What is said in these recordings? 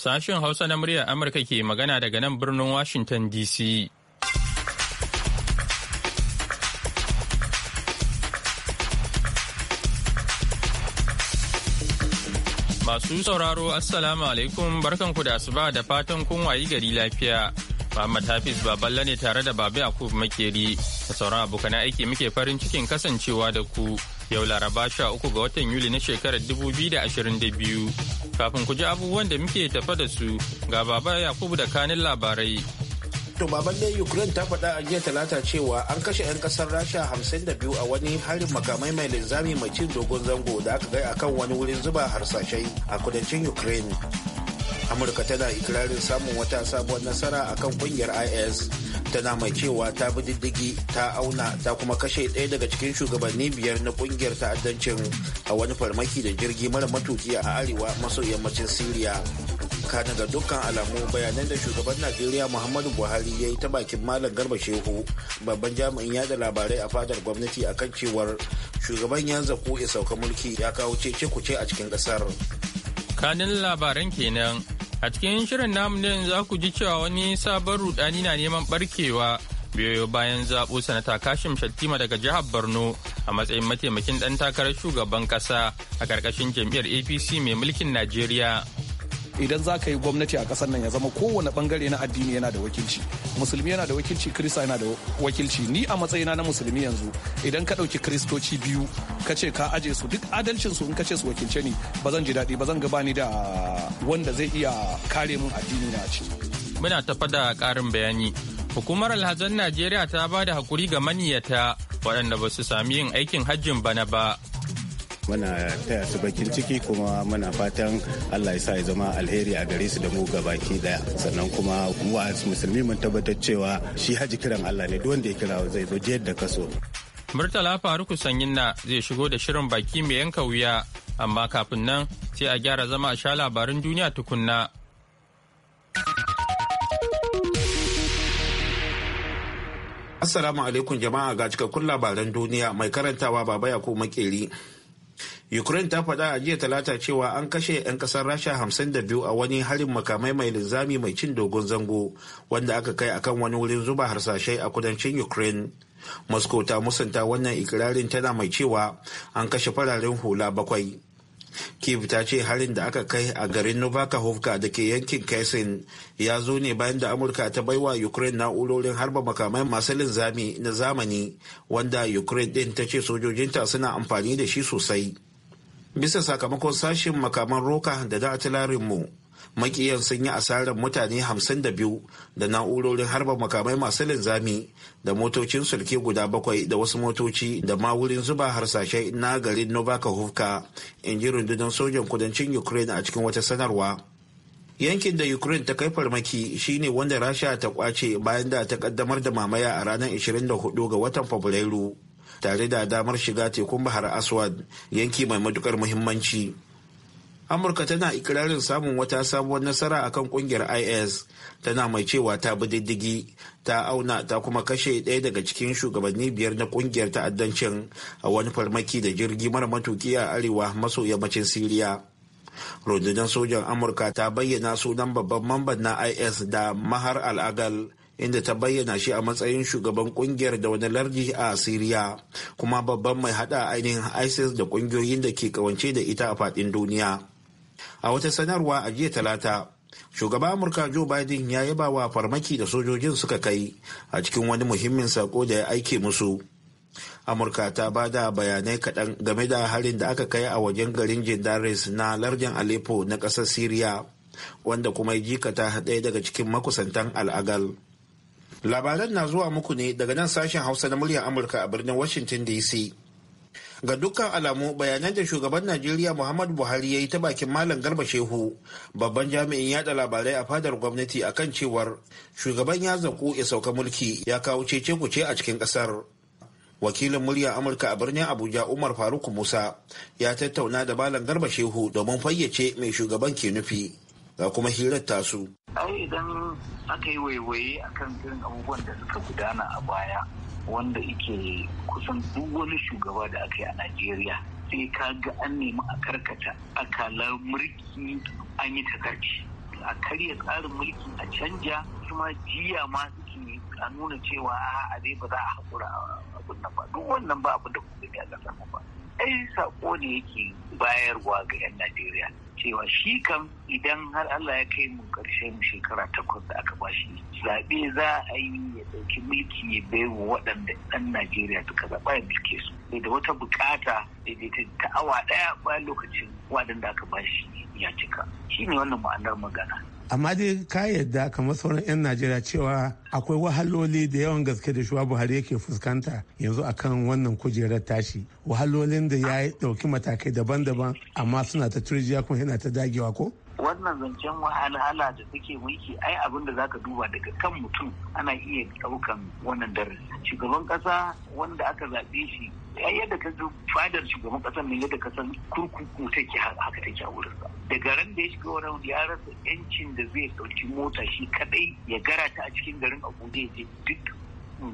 Sashen Hausa na muryar Amurka ke magana daga nan birnin Washington DC. Masu sauraro Assalamu alaikum barkanku da asuba da fatan kun wayi gari lafiya. Muhammad ba Baballe ne tare da Babi Yakub Makeri da sauran abokan aiki muke farin cikin kasancewa da ku. Yau Laraba sha uku ga watan Yuli na shekarar 2022. Kafin ku ji abubuwan da muke tafa da su ga baba Yakubu da kanin labarai. To baban ne Ukraine ta faɗa a jiya talata cewa an kashe 'yan ƙasar Rasha 52 a wani harin makamai mai linzami mai cin dogon zango da aka gai akan wani wurin zuba harsashai a kudancin Ukraine. amurka tana ikirarin samun wata sabuwar nasara akan kungiyar is tana mai cewa ta bi diddigi ta auna ta kuma kashe ɗaya daga cikin shugabanni biyar na kungiyar ta'addancin a wani farmaki da jirgi mara matuki a arewa maso yammacin siriya kana ga dukkan alamu bayanan da shugaban najeriya muhammadu buhari ya yi ta bakin malam garba shehu babban jami'in yada labarai a fadar gwamnati akan cewar shugaban ya zaku ya sauka mulki ya kawo cece kuce a cikin kasar kanin labaran kenan A cikin shirin namu ne za ku ji cewa wani sabon rudani na neman barkewa biyo bayan zaɓo sanata Kashim Shattima daga jihar Borno a matsayin mataimakin ɗan takarar shugaban ƙasa a ƙarƙashin jam'iyyar APC mai mulkin Najeriya. idan za ka yi gwamnati a ƙasar nan ya zama kowane bangare na addini yana da wakilci musulmi yana da wakilci kirista yana da wakilci ni a matsayina na musulmi yanzu idan ka ɗauki kiristoci biyu ka ce ka aje su duk adalcin su in ka ce su wakilce ni ba zan ji daɗi ba zan ni da wanda zai iya kare min addini na ce. muna tafa da ƙarin bayani hukumar alhazan najeriya ta ba da hakuri ga maniyata waɗanda ba su sami yin aikin hajjin bana ba muna taya su bakin ciki kuma muna fatan allah ya sa ya zama alheri a gare su da mu gabaki daya sannan kuma mu musulmi mun tabbatar cewa shi haji kiran allah ne duk wanda ya kira zai zo jiyar da kaso murtala faruku sanyin na zai shigo da shirin baki mai yanka wuya amma kafin nan sai a gyara zama a sha labarin duniya tukunna Assalamu alaikum jama'a ga cikakkun labaran duniya mai karantawa baba ya ko makeri. ukraine ta faɗa a jiya talata cewa an kashe 'yan ƙasar rasha da biyu a wani harin makamai mai linzami mai cin dogon zango wanda aka kai akan wani wurin zuba harsashai a kudancin ukraine moscow ta musanta wannan ikirarin tana mai cewa an kashe fararen hula bakwai kiev ta ce harin da aka kai a garin novakovka da ke yankin kaisin ya zo ne bayan da amurka ta baiwa ukraine na'urorin harba makamai masu linzami na zamani wanda ukraine din ta ce sojojinta suna amfani da shi sosai bisa sakamakon sashen makaman roka da da mu makiyan sun yi asarar mutane 52 da na'urorin harba makamai masu linzami da motocin sulke guda bakwai da wasu motoci da ma wurin zuba harsashai na garin novakahufka in ji rundunar sojan kudancin ukraine a cikin wata sanarwa yankin da ukraine ta kai farmaki shine wanda rasha ta kwace bayan da ta kaddamar da mamaya a ranar 24 ga watan fabrairu tare da damar shiga tekun bahar aswad yanki mai matukar muhimmanci amurka tana ikirarin samun wata sabuwar nasara a kan kungiyar is tana mai cewa ta bi diddigi ta auna ta kuma kashe ɗaya daga cikin shugabanni biyar na kungiyar ta'addancin a wani farmaki da jirgi mara matuki a arewa maso yammacin siriya rundunar sojan amurka ta bayyana sunan babban mamban na is da mahar al'agal inda ta bayyana shi a matsayin shugaban kungiyar da wani lardi a Siriya kuma babban mai hada ainihin ISIS da kungiyoyin da ke kawance da ita a fadin duniya. A wata sanarwa a jiya talata, shugaba Amurka Joe Biden ya yaba wa farmaki da sojojin suka kai a cikin wani muhimmin sako da ya aike musu. amurka ta ba da bayanai kaɗan game da harin da aka kai a wajen garin jindaris na lardin aleppo na ƙasar syria wanda kuma ya jikata ɗaya daga cikin makusantan al'agal Labaran na zuwa muku ne daga nan sashen Hausa na muryar Amurka a birnin Washington DC. Ga dukkan alamu bayanan da shugaban Najeriya Muhammadu Buhari ya yi ta bakin Malam Garba Shehu, babban jami'in yada labarai a fadar gwamnati akan cewar shugaban ya zaku ya sauka mulki ya kawo cece kuce a cikin kasar. Wakilin murya Amurka a birnin Abuja Umar Faruk Musa ya tattauna da Malam Garba Shehu domin fayyace mai shugaban ke nufi. ga kuma hirar tasu. Ai idan aka yi waiwaye kan irin abubuwan da suka gudana a baya wanda ike kusan duk wani shugaba da aka yi a Najeriya sai ka ga an nemi a karkata akalar mulki an yi takarci. A karya tsarin mulki a canja kuma jiya ma suke a nuna cewa a zai ba za a haƙura abin nan ba duk wannan ba abin da kuma ba. Ai saƙo ne yake bayarwa ga 'yan Najeriya. cewa shi kam idan har Allah ya kai mu karshe mu shekara takwas da aka bashi zaɓe za a yi ya ɗauki mulki ya bai wa waɗanda ɗan Najeriya suka zaɓa ya mulke su da wata buƙata daidaita ta awa ɗaya bayan lokacin waɗanda aka bashi ya cika shi ne wannan ma'anar magana amma dai ka yadda kamar sauran 'yan najeriya cewa akwai wahaloli da yawan gaske da shuwa buhari yake fuskanta yanzu akan wannan kujerar tashi wahalolin da ya dauki matakai daban-daban amma suna ta turjiya kuma yana ta dagewa ko wannan zancen wahala da suke mulki ai abin da zaka duba daga kan mutum ana iya ɗaukan wannan darasi shugaban ƙasa wanda aka zaɓe shi yadda ka ga fadar shugaban ƙasar ne yadda ka san kurkuku take haka take a wurin daga ran da ya shiga wani ya rasa yancin da zai ɗauki mota shi kadai ya gara ta a cikin garin abuja ya je duk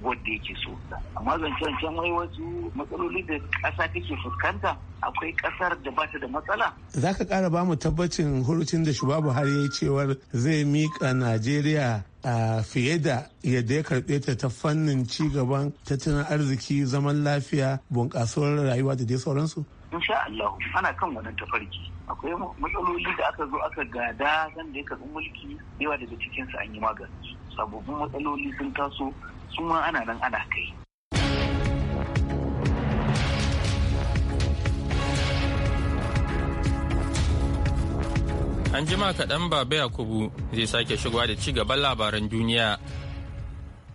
wadda yake so amma zancen can wai wasu matsaloli da ƙasa take fuskanta akwai ƙasar da ba ta da matsala za ka ƙara ba mu tabbacin hurucin da shugaba buhari ya cewar zai miƙa najeriya a fiye da yadda ya karɓe ta ta fannin ci gaban tattalin arziki zaman lafiya bunƙasuwar rayuwa da dai sauransu insha Allah ana kan wannan tafarki akwai matsaloli da aka zo aka gada zan da ya karɓi mulki yawa daga cikinsu an yi magani sababbin matsaloli sun taso su ma ana nan ana kai An jima kaɗan Baba Yakubu zai sake shigowa da ci gaban labaran duniya.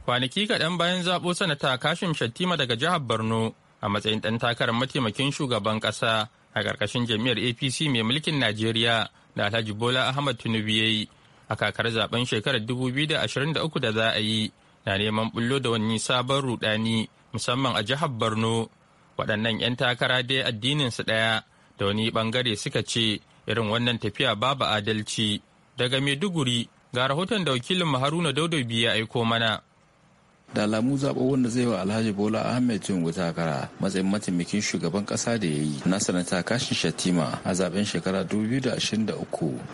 Kwanaki kaɗan bayan zaɓo sanata Kashim Shattima daga jihar Borno a matsayin ɗan takarar mataimakin shugaban ƙasa a ƙarƙashin jami'ar APC mai mulkin Najeriya da Alhaji Bola Ahmad Tinubu yayi a kakar zaben shekarar 2023 da za a yi. na neman bullo da wani sabon rudani musamman a jihar borno waɗannan 'yan takara dai addininsu ɗaya da wani ɓangare suka ce irin wannan tafiya babu adalci daga maiduguri ga rahoton da wakilin haruna daudobi ya aiko mana da alamu zaɓo wanda zai wa alhaji bola ahmed tinubu takara matsayin mataimakin shugaban ƙasa da ya yi na sanata kashin shatima a zaben shekara 2023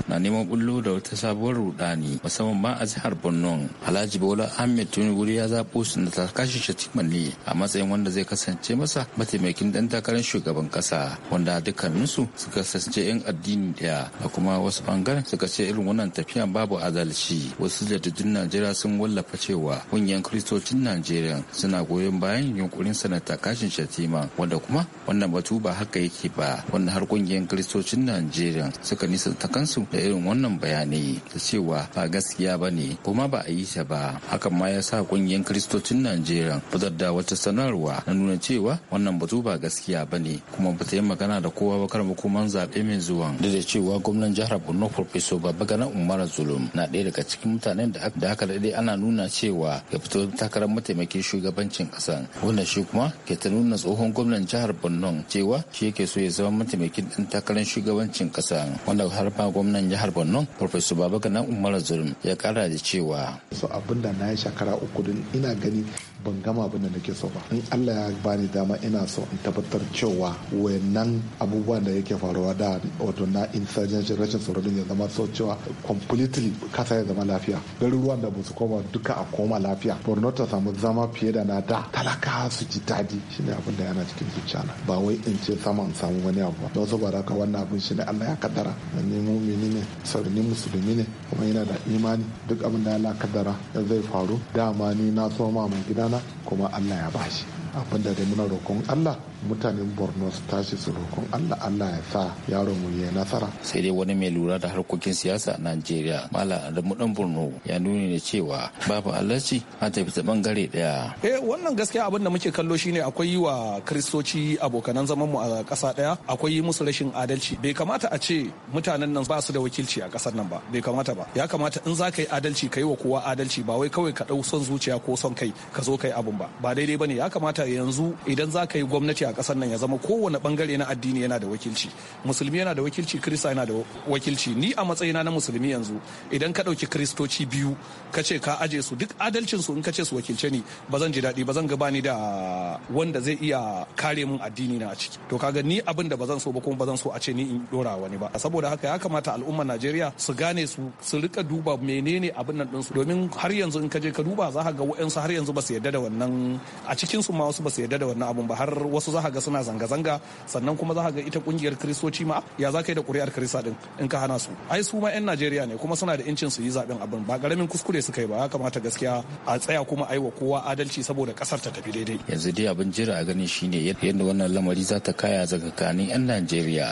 na neman bullo da wata sabuwar rudani musamman ma a jihar borno alhaji bola ahmed wuri ya zaɓo sanata kashin shatima ne a matsayin wanda zai kasance masa mataimakin dan takarar shugaban ƙasa wanda dukkaninsu suka kasance 'yan addini ɗaya da kuma wasu bangaren suka ce irin wannan tafiyan babu adalci wasu jaridun najeriya sun wallafa cewa ƙungiyar kristo arewacin najeriya suna goyon bayan yunkurin sanata kashin shatima wanda kuma wannan batu ba haka yake ba wanda har kungiyar kiristocin najeriya suka nisanta kansu da irin wannan bayanai da cewa ba gaskiya ba kuma ba a yi ta ba hakan ma ya sa kungiyar kiristocin najeriya fitar da wata sanarwa na nuna cewa wannan batu ba gaskiya ba ne kuma ba ta yi magana da kowa ba kar hukuman zaɓe mai zuwan duk da cewa gwamnan jihar borno Professor babagana umar zulum na ɗaya daga cikin mutanen da aka daɗe ana nuna cewa ya fito ta takarar mataimakin shugabancin ƙasa wannan shi kuma ke ta nuna tsohon gwamnan jihar borno cewa shi yake so ya zama mataimakin ɗan takarar shugabancin kasa wanda har ma gwamnan jihar borno professor babagana umar zurum ya kara da cewa so abinda na yi shekara uku din ina gani ban gama abin da nake so ba in Allah ya bani dama ina so in tabbatar cewa wayannan abubuwan da yake faruwa da wato na insurgency rashin tsaro din ya zama so cewa completely kasa ya zama lafiya garuruwan da ba su koma duka a koma lafiya borno ta samu zama fiye da na da talaka su ji dadi shine abin da yana cikin zuciya ba wai in ce sama in samu wani abu ba don saboda haka wannan abin shine Allah ya kaddara ni mumini ne sauri musulmi ne kuma yana da imani duk abin da Allah kaddara zai faru dama ni na so mai gidana kuma Allah ya bashi abin da muna roƙon Allah mutanen borno su tashi su roƙon allah allah ya sa yaro mu ya nasara sai dai wani mai lura da harkokin siyasa a najeriya malam adamu dan borno ya nuni da cewa babu allaci a tafi ta bangare daya eh wannan gaskiya abin da muke kallo shine akwai yi wa kiristoci abokanan zaman mu a ƙasa daya akwai yi musu rashin adalci bai kamata a ce mutanen nan ba su da wakilci a ƙasar nan ba bai kamata ba ya kamata in za ka yi adalci ka yi wa kowa adalci ba wai kawai ka ɗau son zuciya ko son kai ka zo ka yi abun ba ba daidai ba ne ya kamata yanzu idan za ka yi gwamnati a ƙasar nan ya zama kowane bangare na addini yana da wakilci musulmi yana da wakilci kirista yana da wakilci ni a matsayina na musulmi yanzu idan ka ɗauki kiristoci biyu ka ce ka aje su duk adalcin su in ka ce su wakilce ni ba zan ji daɗi ba zan ga gabani da wanda zai iya kare min addini na a ciki to kaga ni abin da ba zan so ba kuma ba zan so a ce ni in dora wani ba saboda haka ya kamata al'ummar Najeriya su gane su su rika duba menene abin nan ɗinsu domin har yanzu in ka je ka duba za ka ga wa'ansu har yanzu ba su yarda da wannan a cikin su ma wasu ba su yarda da wannan abun ba har wasu za ga suna zanga-zanga sannan kuma za ga ita kungiyar kristoci ma ya za ka yi da kuri'ar krista din in ka hana su ai su ma 'yan najeriya ne kuma suna da incin su yi zaben abin ba karamin kuskure su kai ba ya kamata gaskiya a tsaya kuma ai wa kowa adalci saboda kasar ta tafi daidai yanzu dai abin jira a gani shine yadda wannan lamari za ta kaya tsakanin 'yan najeriya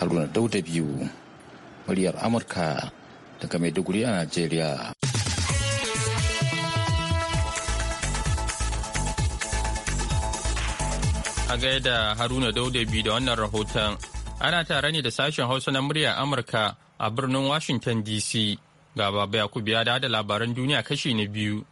haruna dauda biyu muryar amurka daga maiduguri a najeriya A gaida Haruna Daudabi da wannan rahoton. Ana tare ne da sashen Hausa na murya Amurka a birnin Washington DC. Ga Baba Yakubu ya da labaran duniya kashi na biyu.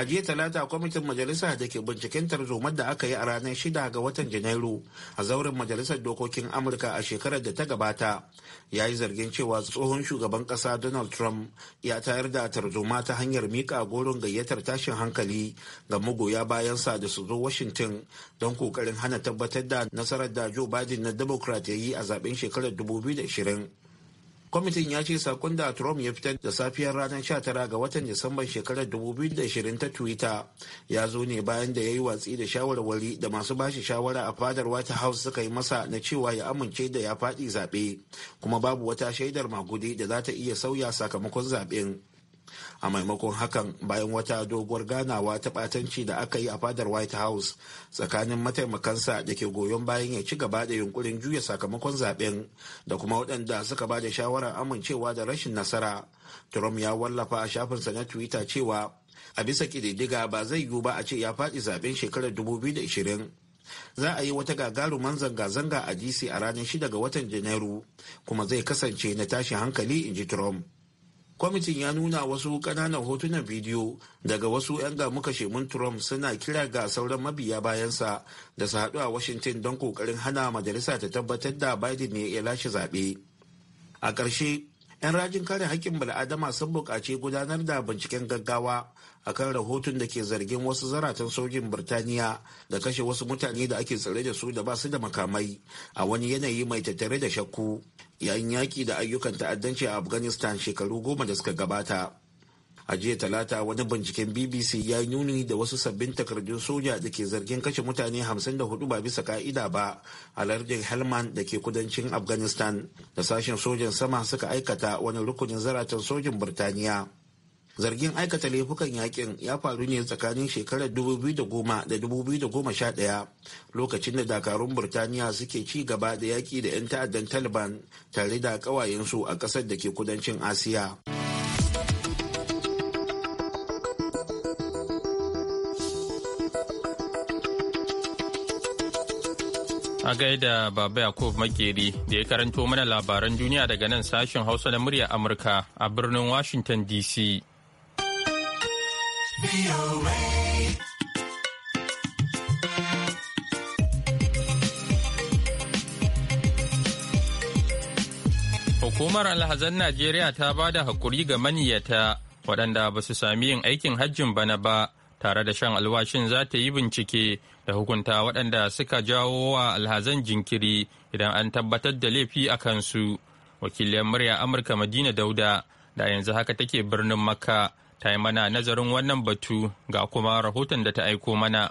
a jiya talata kwamitin majalisa da ke binciken tarzomar da aka yi a ranar shida ga watan janairu a zauren majalisar dokokin amurka a shekarar da ta gabata ya yi zargin cewa tsohon shugaban kasa donald trump ya tayar da tarzoma ta hanyar mika goron gayyatar tashin hankali ga magoya bayansa da su zo washington don kokarin hana tabbatar da nasarar da joe biden na democrat ya yi a zaben shekarar 2020 kwamitin ya ce sakon da trump ya fitar da safiyar ranar 19 ga watan disamban shekarar 2020 ta twitter ya zo ne bayan da ya yi watsi da shawarwari da masu bashi shawara a fadar white house suka yi masa na cewa ya amince da ya faɗi zaɓe kuma babu wata shaidar magudi da za ta iya sauya sakamakon zaɓen a maimakon hakan bayan wata doguwar ganawa ta ɓatanci da aka yi a fadar white house tsakanin mataimakansa da ke goyon bayan ya ci gaba da yunkurin juya sakamakon zaben da kuma waɗanda suka ba da shawarar amincewa da rashin nasara trump ya wallafa a shafinsa na twitter cewa a bisa ƙididdiga ba zai yiwu ba a ce ya faɗi zaben shekarar 2020 za a yi wata gagaruman zanga-zanga a dc a ranar 6 ga watan janairu kuma zai kasance na tashin hankali in ji trump kwamitin ya nuna wasu kananan hotunan bidiyo daga wasu 'yan gamu shemun trump suna kira ga sauran mabiya bayansa da su haɗu a washington don ƙoƙarin hana majalisa ta tabbatar da biden ne ya lashe zaɓe a ƙarshe 'yan rajin kare hakkin bil'adama sun buƙaci gudanar da binciken gaggawa akan rahoton da ke zargin wasu zaratan sojin birtaniya da kashe wasu mutane da ake tsare da su da ba su da makamai a wani yanayi mai tattare da shakku yayin yaƙi da ayyukan ta'addanci a afghanistan shekaru goma da suka gabata a jiya talata wani binciken bbc ya nuni da wasu sabbin takardun soja da ke zargin kashe mutane 54 ba bisa ka'ida ba a lardin helmand da ke kudancin afghanistan da sashen sojan sama suka aikata wani rukunin zaratan sojin birtaniya zargin aikata laifukan yakin ya faru ne tsakanin shekarar 2010 da 2011 lokacin da dakarun burtaniya suke ci gaba da yaki da 'yan ta'addan taliban tare da kawayensu a ƙasar da ke kudancin asiya. A gaida Baba Yakub Makeri da ya karanto mana labaran duniya daga nan sashen Hausa na murya Amurka a birnin Washington DC. Hukumar alhazan Najeriya ta ba da hakuri ga maniyata waɗanda ba su sami yin aikin hajjin bana ba tare da shan alwashin za ta yi bincike da hukunta waɗanda suka jawo wa alhazan jinkiri idan an tabbatar da laifi a kansu wakilin murya amurka madina dauda da yanzu haka take birnin makka ta yi mana nazarin wannan batu ga kuma rahoton da ta aiko mana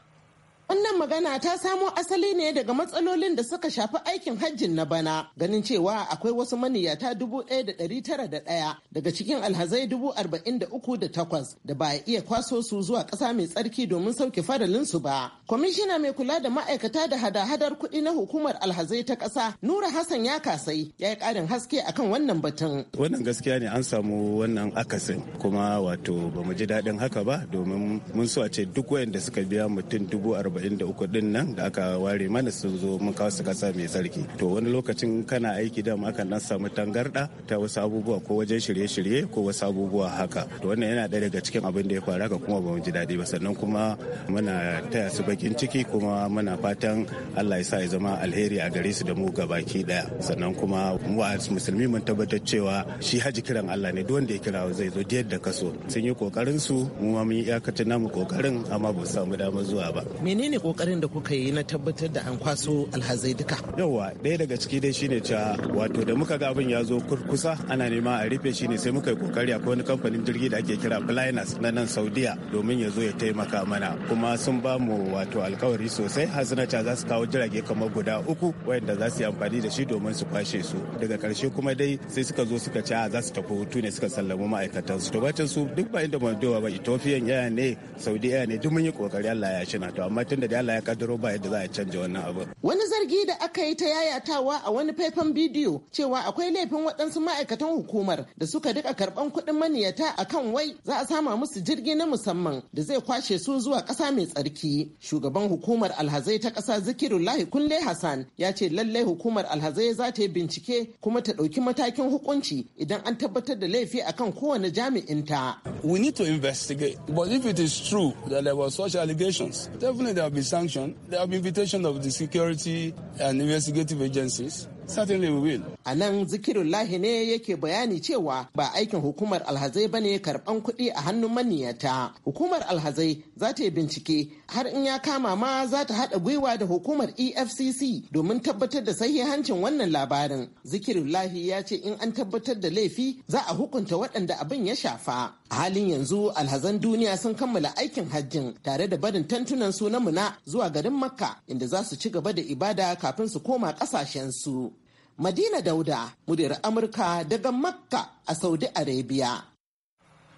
Wannan magana ta samo asali ne daga matsalolin da suka shafi aikin hajjin na bana, ganin cewa akwai wasu maniyata dubu ɗaya da ɗari tara da ɗaya daga cikin alhazai dubu arba'in da uku da takwas da ba a iya kwaso su zuwa ƙasa mai tsarki domin sauke su ba. Kwamishina mai kula da ma'aikata da hada-hadar kuɗi na hukumar alhazai ta ƙasa Nura Hassan ya kasai ya yi ƙarin haske akan wannan batun. Wannan gaskiya ne an samu wannan akasin kuma wato ba mu ji daɗin haka ba domin mun so a ce duk wayanda suka biya mutum dubu arba'in 73 din nan da aka ware mana sun zo mun kawo su kasa mai sarki to wani lokacin kana aiki da akan dan samu tangarda ta wasu abubuwa ko wajen shirye-shirye ko wasu abubuwa haka to wannan yana ɗaya daga cikin abin da ya faru ka kuma ba mu ji daɗi ba sannan kuma muna taya su bakin ciki kuma muna fatan Allah ya sa ya zama alheri a gare su da mu gabaki daya sannan kuma mu musulmi mun tabbatar cewa shi haji kiran Allah ne duk wanda ya kira zai zo yadda kaso sun yi kokarin su mu ma mun yi iyakacin namu kokarin amma ba su samu damar zuwa ba menene menene kokarin da kuka yi na tabbatar da an kwaso alhazai duka yawa ɗaya daga ciki dai shine cewa wato da muka ga abin ya zo kurkusa ana nema a rufe shi ne sai muka yi kokari akwai wani kamfanin jirgi da ake kira blinders na nan Saudiya domin ya zo ya taimaka mana kuma sun ba mu wato alkawari sosai cewa za su kawo jirage kamar guda uku wayanda za su yi amfani da shi domin su kwashe su daga karshe kuma dai sai suka zo suka ce za su tafi hutu ne suka sallama ma'aikatan su to bacin su duk ba inda Moldova ba Ethiopian yaya ne Saudiya ne duk mun yi kokari Allah ya na to amma tunda da Allah ya kaddaro ba yadda za a canja wannan abu. Wani zargi da aka yi ta yayatawa a wani faifan bidiyo cewa akwai laifin waɗansu ma'aikatan hukumar da suka dika karɓan kuɗin maniyata akan wai za a sama musu jirgi na musamman da zai kwashe su zuwa ƙasa mai tsarki. Shugaban hukumar alhazai ta ƙasa zikirullahi kunle Hassan ya ce lallai hukumar alhazai za ta yi bincike kuma ta ɗauki matakin hukunci idan an tabbatar da laifi akan kowane jami'in ta. We need to investigate, but if it is true that there were such allegations, definitely there have been sanctioned. There have been invitation of the security and investigative agencies Certainly we will. A nan zikirullahi ne yake bayani cewa ba aikin hukumar alhazai ba ne karɓan kuɗi a hannun maniyata. Hukumar alhazai za ta yi bincike har in ya kama ma za ta haɗa gwiwa da hukumar EFCC domin tabbatar da sahihancin wannan labarin. Zikirullahi ya ce in an tabbatar da laifi za a hukunta waɗanda abin ya shafa. A halin yanzu alhazan duniya sun kammala aikin hajjin tare da barin tantunan su na muna zuwa garin Makka inda za su ci gaba da ibada kafin su koma ƙasashensu. Madina Dauda, muryar Amurka daga Makka a Saudi Arabia.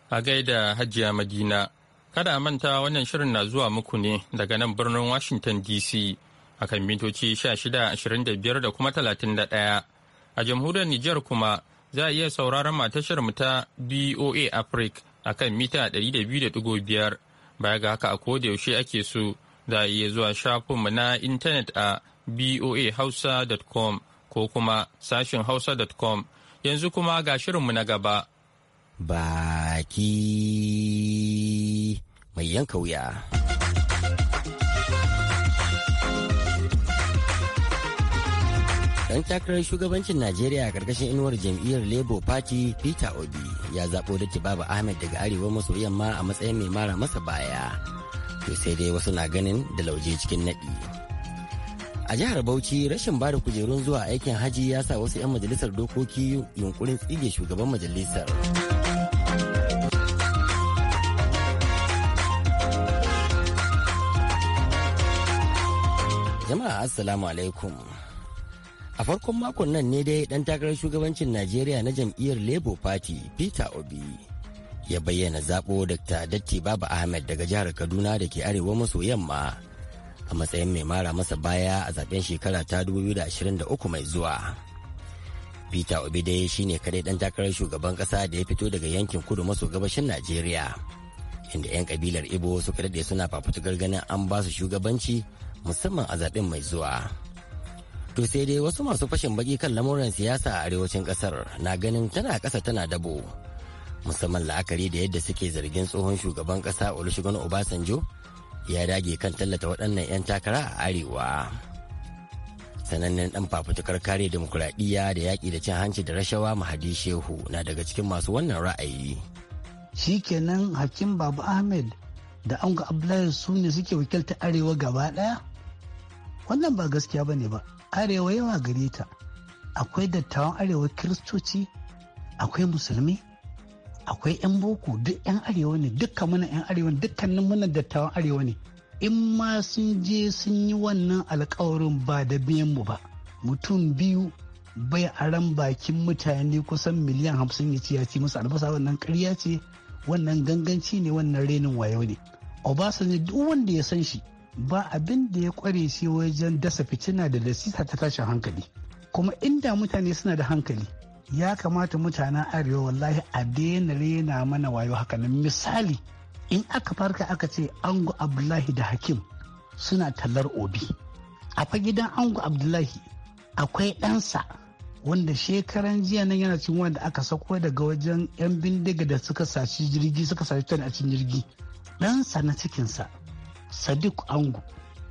A gaida Hajiya Madina, kada manta wannan shirin na zuwa muku ne daga nan birnin Washington DC a kan mintoci 1625 da kuma 31. A jamhuriyar Nijar kuma za a iya sauraron matashar mu ta BOA Africa a kan mita 200.5 baya ga haka a koda yaushe ake so za a iya zuwa shafinmu na intanet a boahausa.com ko kuma sashin hausa.com yanzu kuma ga shirinmu na gaba. Baki mai yanka wuya. ɗan takarar shugabancin Najeriya a ƙarƙashin inuwar jam'iyyar Labour Party Peter Obi ya zaɓo da Baba Ahmed daga arewa maso yamma a matsayin mai mara masa baya. To sai dai wasu na ganin da lauje cikin naɗi. a jihar bauchi rashin bada kujerun zuwa aikin haji ya sa wasu 'yan majalisar dokoki yunkurin tsige shugaban majalisar jama'a assalamu alaikum a farkon makon nan ne dai dan takarar shugabancin najeriya na jam'iyyar labour party peter obi ya bayyana zaɓo dr datti baba ahmed daga jihar kaduna da ke arewa maso yamma a matsayin mai mara masa baya a zaben shekara ta 2023 mai zuwa. Peter Obi dai shine kadai dan takarar shugaban kasa da ya fito daga yankin kudu maso gabashin Najeriya. Inda 'yan kabilar Ibo suka daɗe suna fafutukar ganin an ba su shugabanci musamman a zaben mai zuwa. To sai dai wasu masu fashin baki kan lamuran siyasa a arewacin kasar na ganin tana ƙasa tana dabo. Musamman la'akari da yadda suke zargin tsohon shugaban ƙasa Olusegun Obasanjo ya dage kan tallata waɗannan 'yan takara a arewa sanannen ɗan fafutukar kare demokuraɗiyya da yaƙi da cin hanci da rashawa mahadi shehu na daga cikin masu wannan ra'ayi Shi shikenan hakim babu ahmed da ga abdullahi su ne suke wakiltar arewa gaba ɗaya wannan ba gaskiya ba ne ba arewa yawa gare ta akwai dattawan arewa kiristoci akwai musulmi akwai 'yan boko duk 'yan arewa ne dukkan muna 'yan arewa dukkanin muna dattawan arewa ne in ma sun je sun yi wannan alkawarin ba da biyan mu ba mutum biyu bai aran bakin mutane kusan miliyan hamsin ya ci ya ci musu albasa wannan karya ce wannan ganganci ne wannan renin wayo ne obasanjo duk wanda ya san shi ba abin da ya kware shi wajen dasa fitina da lasisa ta tashin hankali kuma inda mutane suna da hankali ya kamata mutanen arewa wallahi a daina rena mana wayo haka nan misali in aka farka aka ce ango abdullahi da hakim suna tallar obi a gidan ango abdullahi akwai ɗansa wanda shekaran jiya nan yana cin wanda aka sako daga wajen 'yan bindiga da suka saci jirgi suka saci tani a cikin jirgi ɗansa na cikinsa sadiq ango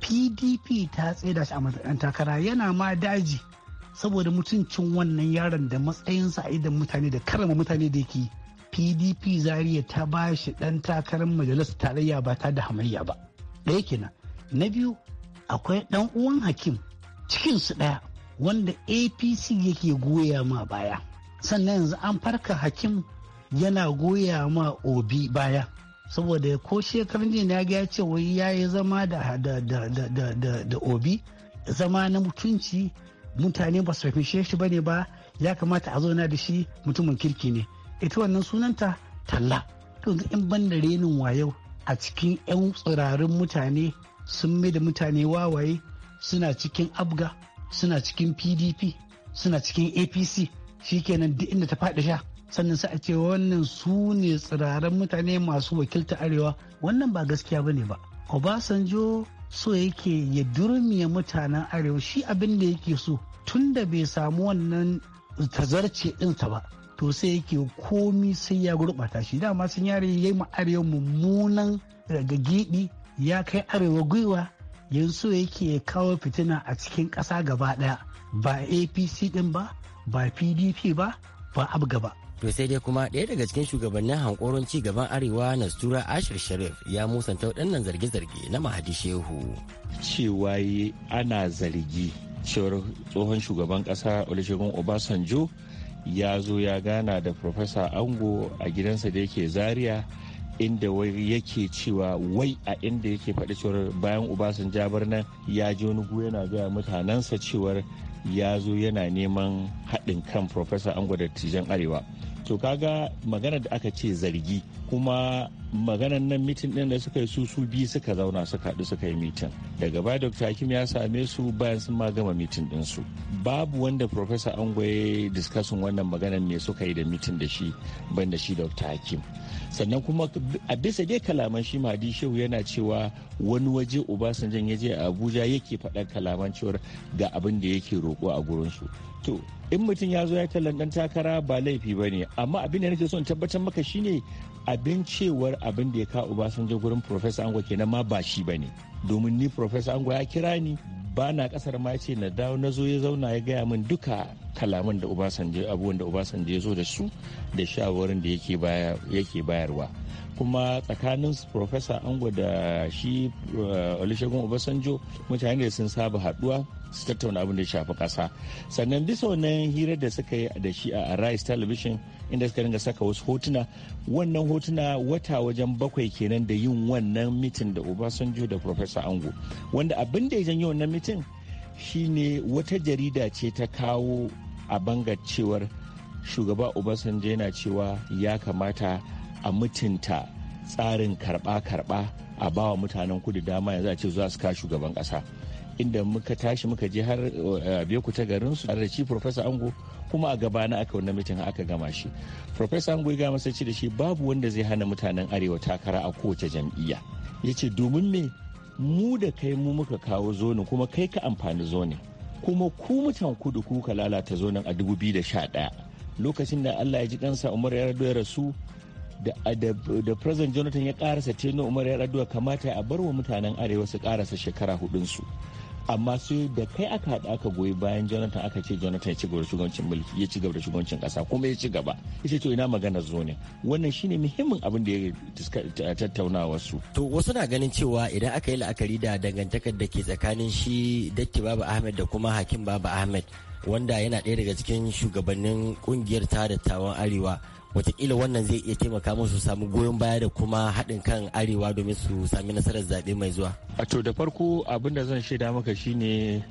pdp ta tsaida shi a matakan takara yana ma daji saboda mutuncin wannan yaron da matsayinsa a idan mutane da karama mutane da yake pdp zaria ta ba shi dan takarar majalisar tarayya ba ta da hamayya ba ɗaya kenan na biyu akwai dan uwan hakim cikinsu ɗaya wanda apc yake goya ma baya sannan yanzu an farka hakim yana goya ma obi baya saboda ko shekarun ji na ga ce wai ya yi zama da obi zama na mutunci mutane ba su fahimce shi bane ba ya kamata a zauna da shi mutumin kirki ne ita wannan sunanta talla to in ban da renin wayo a cikin 'yan tsirarin mutane sun mai da mutane wawaye suna cikin abga suna cikin pdp suna cikin apc shikenan duk inda ta faɗi sha sannan sai a ce wannan su ne tsiraran mutane masu wakilta arewa wannan ba gaskiya bane ba obasanjo so yake ya durmiya mutanen arewa shi abin da yake so tun da bai samu wannan tazarce ɗinsa ba to sai yake komi sai ya gurɓata shi dama sun yare ya yi arewa mummunan daga gidi ya kai arewa gwiwa yanzu yake kawo fitina a cikin ƙasa gaba ɗaya ba apc ɗin ba ba pdp ba ba abga ba to sai dai kuma ɗaya daga cikin shugabannin hankoron ci gaban arewa na sura ashir sharif ya musanta waɗannan zarge-zarge na mahadi shehu cewa ana zargi cewar tsohon shugaban ƙasa olusegun obasanjo ya zo ya gana da profesa ango a gidansa da yake zaria inda wai yake cewa wai a inda yake faɗi cewar bayan obasanjo nan ya ji wani gu yana gaya mutanensa cewar ya zo yana neman haɗin kan profesa ango da tijan arewa to kaga magana da aka ce zargi kuma maganan nan mitin din da suka yi su su biyu suka zauna suka haɗu suka yi mitin daga baya dr hakim ya same su bayan sun ma gama mitin din su babu wanda professor ango ya diskasin wannan maganan me suka yi da mitin da shi ban da shi dr hakim sannan kuma a bisa dai kalaman shi mahadi shehu yana cewa wani waje obasanjan ya je a abuja yake faɗar kalaman cewar ga abin da yake roƙo a gurin su to in mutum ya zo ya tallan dan takara ba laifi ba ne amma abin da nake so tabbatar maka shine abin cewar abin da ya kawo obasanjo gurin professor ango kenan ma ba shi ba ne domin ni professor ango ya kira ni ba na kasar ma ce na dawo na zo ya zauna ya gaya min duka kalaman da obasanjo abubuwan da obasanjo ya zo da su da shawarin da yake bayarwa kuma tsakanin professor ango da shi eh, olusegun obasanjo mutane da sun saba haduwa su tattauna abin da shafi kasa sannan bisa wannan hirar da suka yi da shi a rice television inda suka ringa saka wasu hotuna wannan hotuna wata wajen bakwai kenan da yin wannan mitin da obasanjo da professor ango wanda abin da ya janyo wannan mitin shine wata jarida ce ta kawo a bangar cewar shugaba obasanjo yana cewa ya kamata a mutunta tsarin karba-karba a bawa mutanen kudu dama yanzu a ce za su kawo shugaban kasa inda muka tashi muka je har eh, beku ta garin su da shi professor ango kuma a gaba gabana aka wannan mitin aka gama shi professor ango ya ga masa da shi babu wanda zai hana mutanen arewa takara a kowace jam'iyya ya ce domin me mu da kai mu muka kawo zonin kuma kai ka amfani zonin kuma ku mutan kudu ka lalata zonin a daya lokacin da allah ya ji ɗansa umar ya rasu da president jonathan ya karasa teno umar ya rado kamata a bar wa mutanen arewa su karasa shekara hudun su. amma sai da kai aka haɗa aka goyi bayan jonathan aka ce jonathan ya ci gaba da shugabancin mulki ya ci gaba da shugabancin ƙasa kuma ya ci gaba ita to ina magana zo ne wannan shine muhimmin abin da ya tattauna wasu. to wasu na ganin cewa idan aka yi la'akari da dangantakar da ke tsakanin shi datti baba ahmed da kuma hakim baba ahmed wanda yana ɗaya daga cikin shugabannin kungiyar ta dattawan arewa watakila wannan zai iya taimaka musu samu goyon baya da kuma haɗin kan arewa domin su sami nasarar zaɓe mai zuwa. a to da farko abin da zan shaida maka shine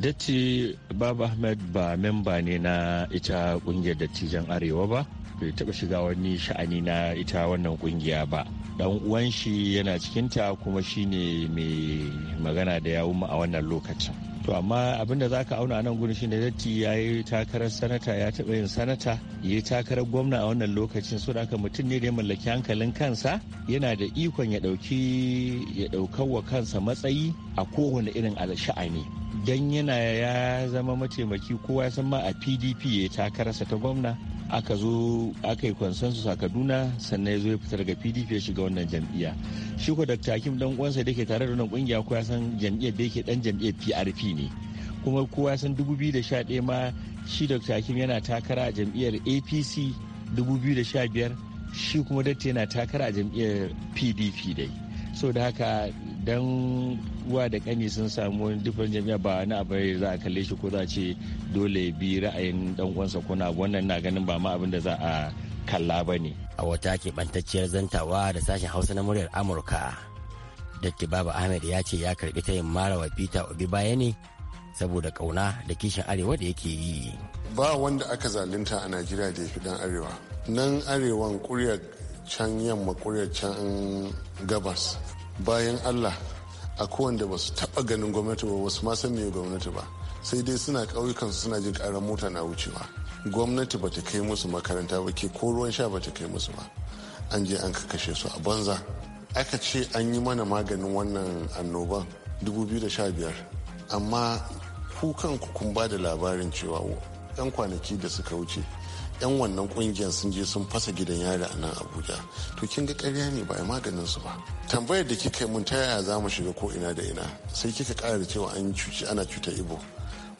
datti babu ahmed ba memba ne na ita kungiyar dattijan arewa ba bai taɓa shiga wani sha'ani na ita wannan kungiya ba dan uwan shi yana cikinta kuma shine mai magana da yawun a wannan lokacin to amma abin da za ka auna nan gudun shine datti ya yi takarar sanata ya taɓa yin sanata ya yi takarar gwamna a wannan lokacin so haka mutum ne da ya mallaki hankalin kansa yana da ikon ya ɗauki ya ɗaukar wa kansa matsayi a kowane irin sha'ani don yana ya zama mataimaki kowa ya san ma a pdp ya yi takararsa ta gwamna aka zo aka yi consensus a kaduna sannan ya zo ya fitar ga pdp ya shiga wannan jam'iyya shi ko dr hakim dan uwansa da ke tare da wannan kungiya ko ya san jam'iyyar da yake dan jam'iyyar prp ne kuma ko ya san 2011 ma shi dr hakim yana takara a jam'iyyar apc 2015 shi kuma datti yana takara a jam'iyyar pdp dai so da haka dan uwa da kani sun samu wani dufan jami'a ba wani abu ne za a kalle shi ko za a ce dole bi ra'ayin dan uwansa ko na wannan na ganin ba ma abin da za a kalla ba ne. A wata keɓantacciyar zantawa da sashen Hausa na muryar Amurka. Datti Baba Ahmed ya ce ya karɓi tayin marawa Peter Obi baya ne saboda kauna da kishin arewa da yake yi. Ba wanda aka zalunta a Najeriya da ya fi dan arewa. Nan arewan kuryar can yamma kuryar can gabas bayan allah a kowanda ba su taɓa ganin gwamnati ba wasu ma san me gwamnati ba sai dai suna ƙauyukan suna jin ƙarar mota na wucewa gwamnati ba ta kai musu makaranta ba ke ko ruwan sha ba ta kai musu ba an je an kashe su a banza aka ce an yi mana maganin wannan annoban 2015 amma ku kanku kun ba da labarin cewa 'yan kwanaki da suka wuce yan wannan kungiyar sun je sun fasa gidan yari a nan abuja to kin ga karya ne ba a maganin su ba tambayar da kika mun ta yaya za mu shiga ko ina da ina sai kika kara da cewa an cuci ana cuta ibo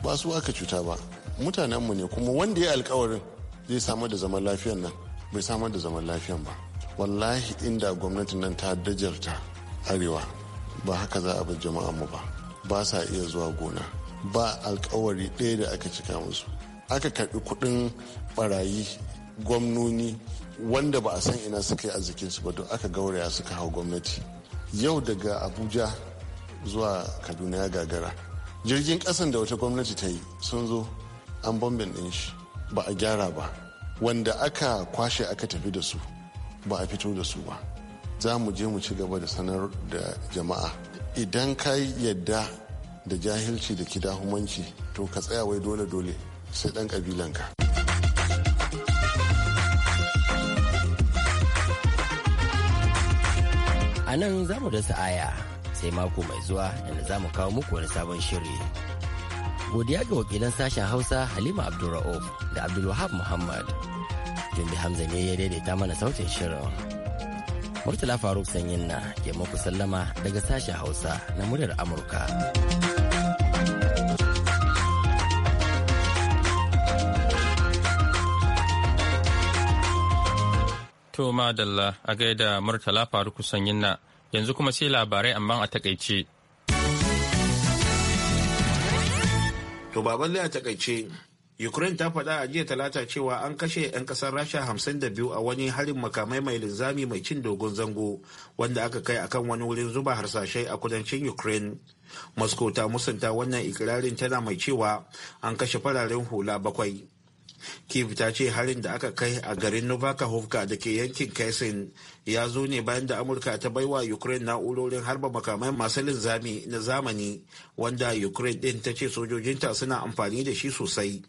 ba su aka cuta ba mutanen mu ne kuma wanda ya alkawarin zai samar da zaman lafiyan nan bai samar da zaman lafiyan ba wallahi inda gwamnatin nan ta dajarta arewa ba haka za a bar mu ba ba sa iya zuwa gona ba alkawari ɗaya da aka cika musu aka karɓi kuɗin barayi gwamnoni wanda ba a san ina suka yi a su ba don aka gauraya suka hau gwamnati yau daga abuja zuwa kaduna ya gagara jirgin ƙasan da wata gwamnati ta yi sun zo an bombin din shi ba a gyara ba wanda aka kwashe aka tafi da su ba a fito da su ba za mu je mu ci gaba da sanar da jama'a idan ka yadda da jahilci da kidahumanci to ka tsaya wai dole-dole sai ɗan ƙabilanka. A nan za mu dasa aya sai mako mai zuwa inda za mu kawo muku wani sabon shiri. Godiya ga wakilan sashen Hausa Halima Abdulra'uf da Abdulwahab Muhammad. Jumbi Hamza ne ya daidaita mana sautin shirin. Murtala Faruk Sanyin na ke muku sallama daga sashen Hausa na muryar Amurka. To madalla a gaida Murtala Faruku yinna yanzu kuma sai labarai amma a takaice. To baban a takaice Ukraine ta faɗa a jiya talata cewa an kashe 'yan ƙasar Rasha hamsin da biyu a wani harin makamai mai linzami mai cin dogon zango wanda aka kai akan wani wurin zuba harsashai a kudancin Ukraine. Moscow ta musanta wannan ikirarin tana mai cewa an kashe fararen hula bakwai. Kiev ta ce harin da aka kai a garin Novakahovka da ke yankin Kaisin ya zo ne bayan da Amurka ta baiwa Ukraine na'urorin harba makamai masu linzami na zamani wanda Ukraine din ta ce sojojinta suna amfani da shi sosai.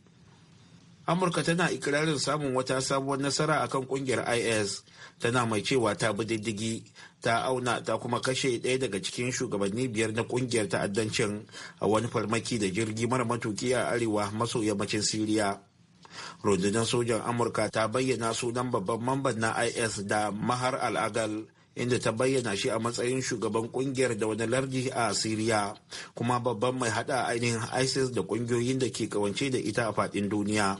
Amurka tana ikirarin samun wata sabuwar nasara akan kungiyar IS tana mai cewa ta bi diddigi ta auna ta kuma kashe ɗaya daga cikin shugabanni biyar na kungiyar ta'addancin a wani farmaki da jirgi mara matuki a arewa maso yammacin Siriya. rundunar sojan amurka ta bayyana sunan babban mamban na is da mahar al'agal inda ta bayyana shi a matsayin shugaban kungiyar da wani lardi a siriya kuma babban mai hada ainihin isis da kungiyoyin da ke kawance da ita a fadin duniya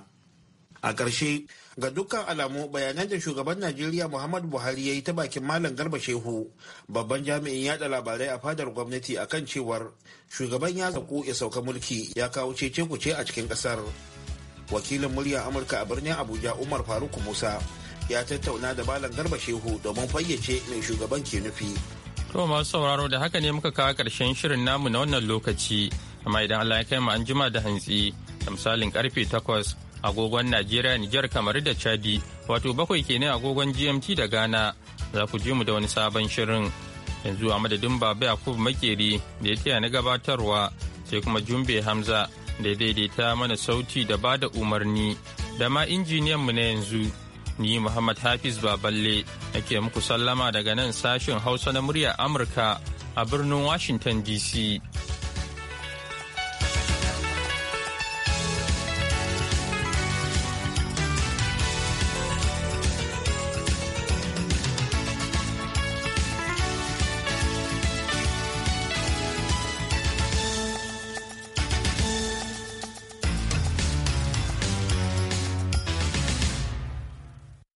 a ƙarshe ga dukkan alamu bayanan da shugaban najeriya muhammad buhari ya yi ta bakin malam garba shehu babban jami'in yada labarai a fadar gwamnati akan cewar shugaban ya zaku ya sauka mulki ya kawo cece ce a cikin ƙasar. wakilin murya amurka a birnin abuja umar faruk musa ya tattauna da malam garba shehu domin fayyace mai shugaban ke nufi to masu sauraro da haka ne muka kawo karshen shirin namu na wannan lokaci amma idan allah ya kai mu an jima da hantsi da misalin karfe takwas agogon najeriya nijar kamar da chadi wato bakwai kenan agogon gmt da ghana za ku je mu da wani sabon shirin yanzu a madadin baba yakubu makeri da ya taya na gabatarwa sai kuma jumbe hamza da daidaita mana sauti da ba da umarni da ma mu na yanzu ni Muhammad Hafiz Baballe nake muku sallama daga nan sashin Hausa na muryar Amurka a birnin Washington DC.